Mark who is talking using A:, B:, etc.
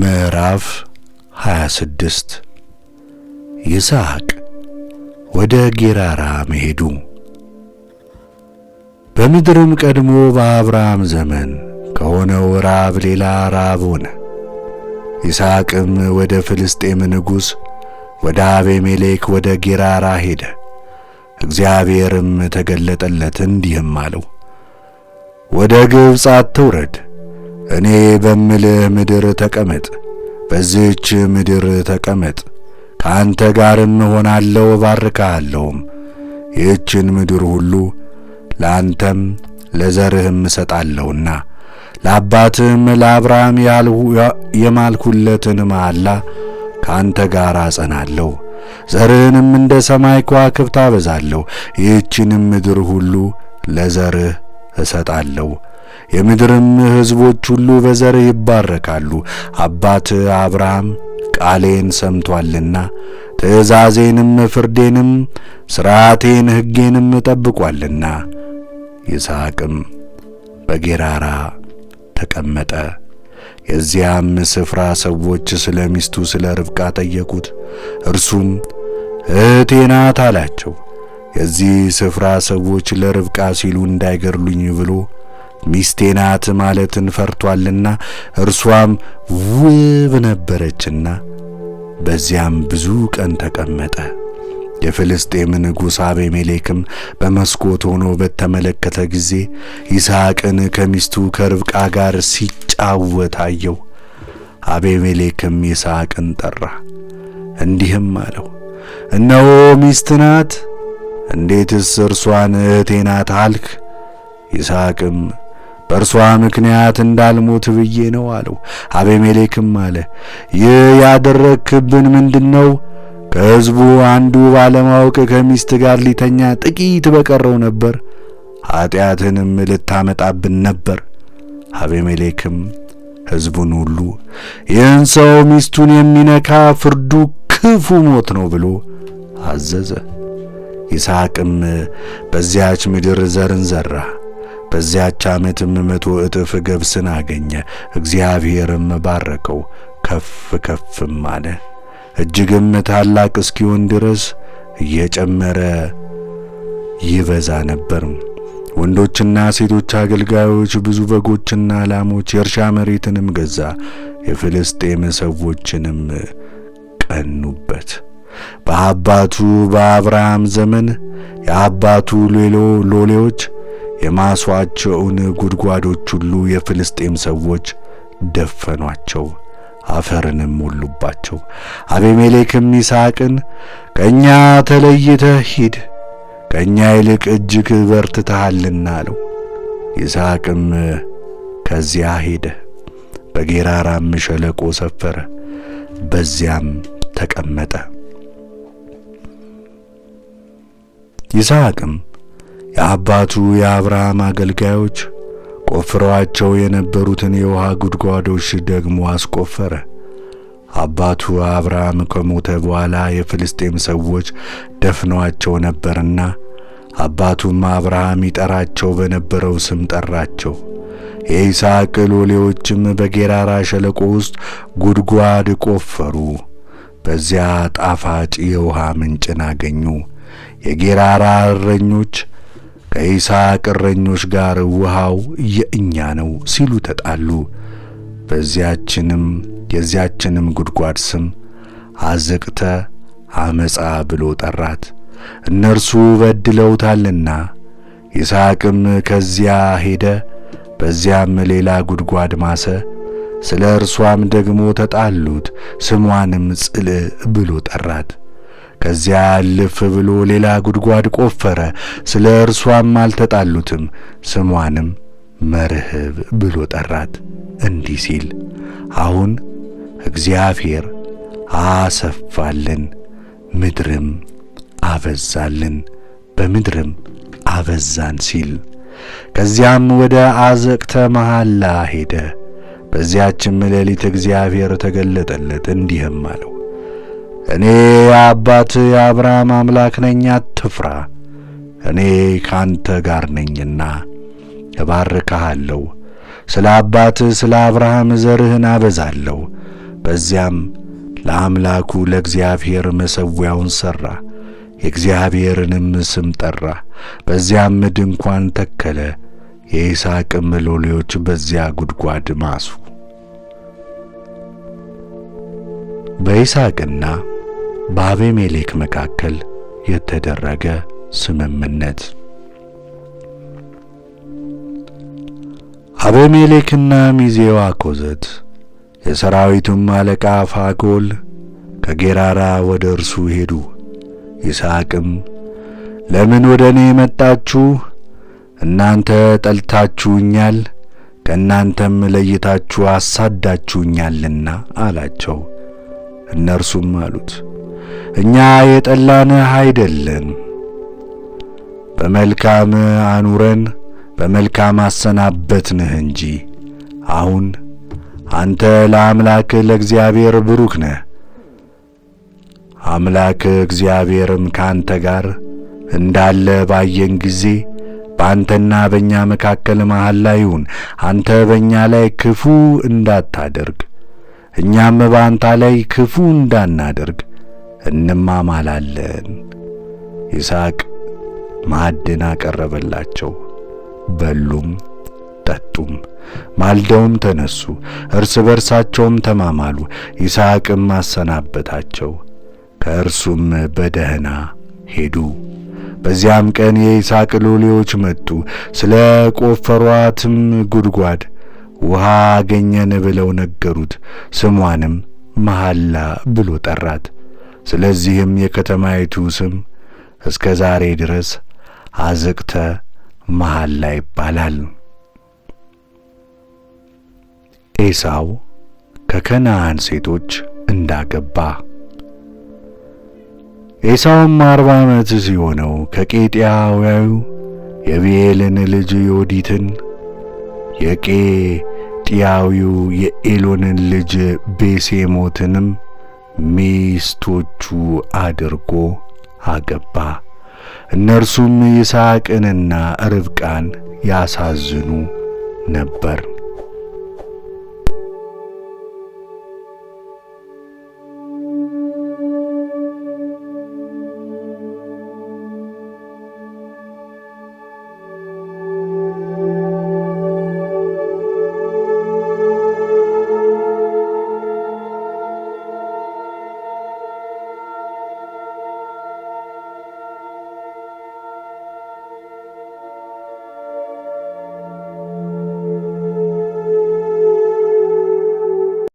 A: ምዕራፍ 26 ይስሐቅ ወደ ጌራራ መሄዱ። በምድርም ቀድሞ በአብርሃም ዘመን ከሆነው ራብ ሌላ ራብ ሆነ። ይስሐቅም ወደ ፍልስጤም ንጉሥ ወደ አቤሜሌክ ወደ ጌራራ ሄደ። እግዚአብሔርም ተገለጠለት እንዲህም አለው፣ ወደ ግብፅ አትውረድ እኔ በምልህ ምድር ተቀመጥ፣ በዚህች ምድር ተቀመጥ፣ ከአንተ ጋር እሆናለሁ፣ እባርካለሁም። ይህችን ምድር ሁሉ ለአንተም ለዘርህም እሰጣለሁና ለአባትህም ለአብርሃም የማልኩለትን መሐላ ከአንተ ጋር አጸናለሁ፣ ዘርህንም እንደ ሰማይ ከዋክብት አበዛለሁ። ይህችንም ምድር ሁሉ ለዘርህ እሰጣለሁ የምድርም ሕዝቦች ሁሉ በዘርህ ይባረካሉ። አባት አብርሃም ቃሌን ሰምቶአልና ትእዛዜንም፣ ፍርዴንም፣ ሥርዓቴን፣ ሕጌንም ጠብቋልና። ይስሐቅም በጌራራ ተቀመጠ። የዚያም ስፍራ ሰዎች ስለ ሚስቱ ስለ ርብቃ ጠየቁት። እርሱም እህቴ ናት አላቸው። የዚህ ስፍራ ሰዎች ለርብቃ ሲሉ እንዳይገድሉኝ ብሎ ሚስቴ ናት ማለትን ፈርቷልና እርሷም ውብ ነበረችና በዚያም ብዙ ቀን ተቀመጠ። የፍልስጤም ንጉሥ አቤሜሌክም በመስኮት ሆኖ በተመለከተ ጊዜ ይስሐቅን ከሚስቱ ከርብቃ ጋር ሲጫወት አየው። አቤሜሌክም ይስሐቅን ጠራ፣ እንዲህም አለው፣ እነሆ ሚስት ናት፣ እንዴትስ እርሷን እህቴ ናት አልክ? ይስሐቅም በእርሷ ምክንያት እንዳልሞት ብዬ ነው አለው። አቤሜሌክም አለ ይህ ያደረግክብን ነው? ከሕዝቡ አንዱ ባለማወቅ ከሚስት ጋር ሊተኛ ጥቂት በቀረው ነበር፣ ኀጢአትንም ልታመጣብን ነበር። አቤሜሌክም ሕዝቡን ሁሉ ይህን ሰው ሚስቱን የሚነካ ፍርዱ ክፉ ሞት ነው ብሎ አዘዘ። ይስሐቅም በዚያች ምድር ዘርን ዘራ። በዚያች ዓመትም መቶ እጥፍ ገብስን አገኘ። እግዚአብሔርም ባረከው፣ ከፍ ከፍም አለ። እጅግም ታላቅ እስኪሆን ድረስ እየጨመረ ይበዛ ነበር። ወንዶችና ሴቶች አገልጋዮች ብዙ በጎችና ላሞች፣ የእርሻ መሬትንም ገዛ። የፍልስጤም ሰዎችንም ቀኑበት። በአባቱ በአብርሃም ዘመን የአባቱ ሌሎ ሎሌዎች የማሷቸውን ጉድጓዶች ሁሉ የፍልስጤም ሰዎች ደፈኗቸው፣ አፈርንም ሞሉባቸው። አቤሜሌክም ይስሐቅን ከእኛ ተለይተህ ሂድ፣ ከእኛ ይልቅ እጅግ በርትተሃልና አለው። ይስሐቅም ከዚያ ሄደ፣ በጌራራም ሸለቆ ሰፈረ፣ በዚያም ተቀመጠ። ይስሐቅም የአባቱ የአብርሃም አገልጋዮች ቆፍረዋቸው የነበሩትን የውሃ ጉድጓዶች ደግሞ አስቆፈረ። አባቱ አብርሃም ከሞተ በኋላ የፍልስጤም ሰዎች ደፍነዋቸው ነበርና አባቱም አብርሃም ይጠራቸው በነበረው ስም ጠራቸው። የይስሐቅ ሎሌዎችም በጌራራ ሸለቆ ውስጥ ጉድጓድ ቆፈሩ። በዚያ ጣፋጭ የውሃ ምንጭን አገኙ። የጌራራ እረኞች ከይስሐቅ እረኞች ጋር ውሃው የእኛ ነው ሲሉ ተጣሉ። በዚያችንም የዚያችንም ጉድጓድ ስም አዘቅተ አመፃ ብሎ ጠራት፣ እነርሱ በድለውታልና። ይስሐቅም ከዚያ ሄደ፣ በዚያም ሌላ ጉድጓድ ማሰ። ስለ እርሷም ደግሞ ተጣሉት፣ ስሟንም ጽል ብሎ ጠራት። ከዚያ ልፍ ብሎ ሌላ ጉድጓድ ቆፈረ። ስለ እርሷም አልተጣሉትም። ስሟንም መርህብ ብሎ ጠራት፣ እንዲህ ሲል አሁን እግዚአብሔር አሰፋልን፣ ምድርም አበዛልን፣ በምድርም አበዛን ሲል ከዚያም ወደ አዘቅተ መሐላ ሄደ። በዚያችም ሌሊት እግዚአብሔር ተገለጠለት እንዲህም አለው እኔ የአባት የአብርሃም አምላክ ነኝ፣ አትፍራ፣ እኔ ካንተ ጋር ነኝና እባርክሃለሁ፣ ስለ አባት ስለ አብርሃም ዘርህን አበዛለሁ። በዚያም ለአምላኩ ለእግዚአብሔር መሠዊያውን ሠራ፣ የእግዚአብሔርንም ስም ጠራ። በዚያም ድንኳን ተከለ። የይስሐቅም ሎሌዎች በዚያ ጉድጓድ ማሱ። በይስሐቅና በአቤሜሌክ መካከል የተደረገ ስምምነት። አቤሜሌክና ሚዜዋ ኮዘት የሰራዊቱም አለቃ ፋጎል ከጌራራ ወደ እርሱ ሄዱ። ይስሐቅም ለምን ወደ እኔ መጣችሁ? እናንተ ጠልታችሁኛል፣ ከእናንተም ለይታችሁ አሳዳችሁኛልና አላቸው። እነርሱም አሉት እኛ የጠላንህ አይደለን፣ በመልካም አኑረን በመልካም አሰናበትንህ እንጂ። አሁን አንተ ለአምላክ ለእግዚአብሔር ብሩክ ነህ፣ አምላክ እግዚአብሔርም ካንተ ጋር እንዳለ ባየን ጊዜ በአንተና በእኛ መካከል መሃል ላይ ይሁን። አንተ በእኛ ላይ ክፉ እንዳታደርግ፣ እኛም በአንተ ላይ ክፉ እንዳናደርግ እንማማላለን። ይስሐቅ ማዕድን አቀረበላቸው። በሉም ጠጡም። ማልደውም ተነሱ፣ እርስ በርሳቸውም ተማማሉ። ይስሐቅም አሰናበታቸው፣ ከእርሱም በደህና ሄዱ። በዚያም ቀን የይስሐቅ ሎሌዎች መጡ፣ ስለ ቆፈሯትም ጉድጓድ ውሃ አገኘን ብለው ነገሩት። ስሟንም መሐላ ብሎ ጠራት። ስለዚህም የከተማይቱ ስም እስከ ዛሬ ድረስ አዘቅተ መሐላ ይባላል። ኤሳው ከከነዓን ሴቶች እንዳገባ ኤሳውም አርባ ዓመት ሲሆነው ከቄጥያዊው የብኤልን ልጅ ዮዲትን የቄጥያዊው የኤሎንን ልጅ ቤሴሞትንም ሚስቶቹ አድርጎ አገባ። እነርሱም ይስሐቅንና ርብቃን ያሳዝኑ ነበር።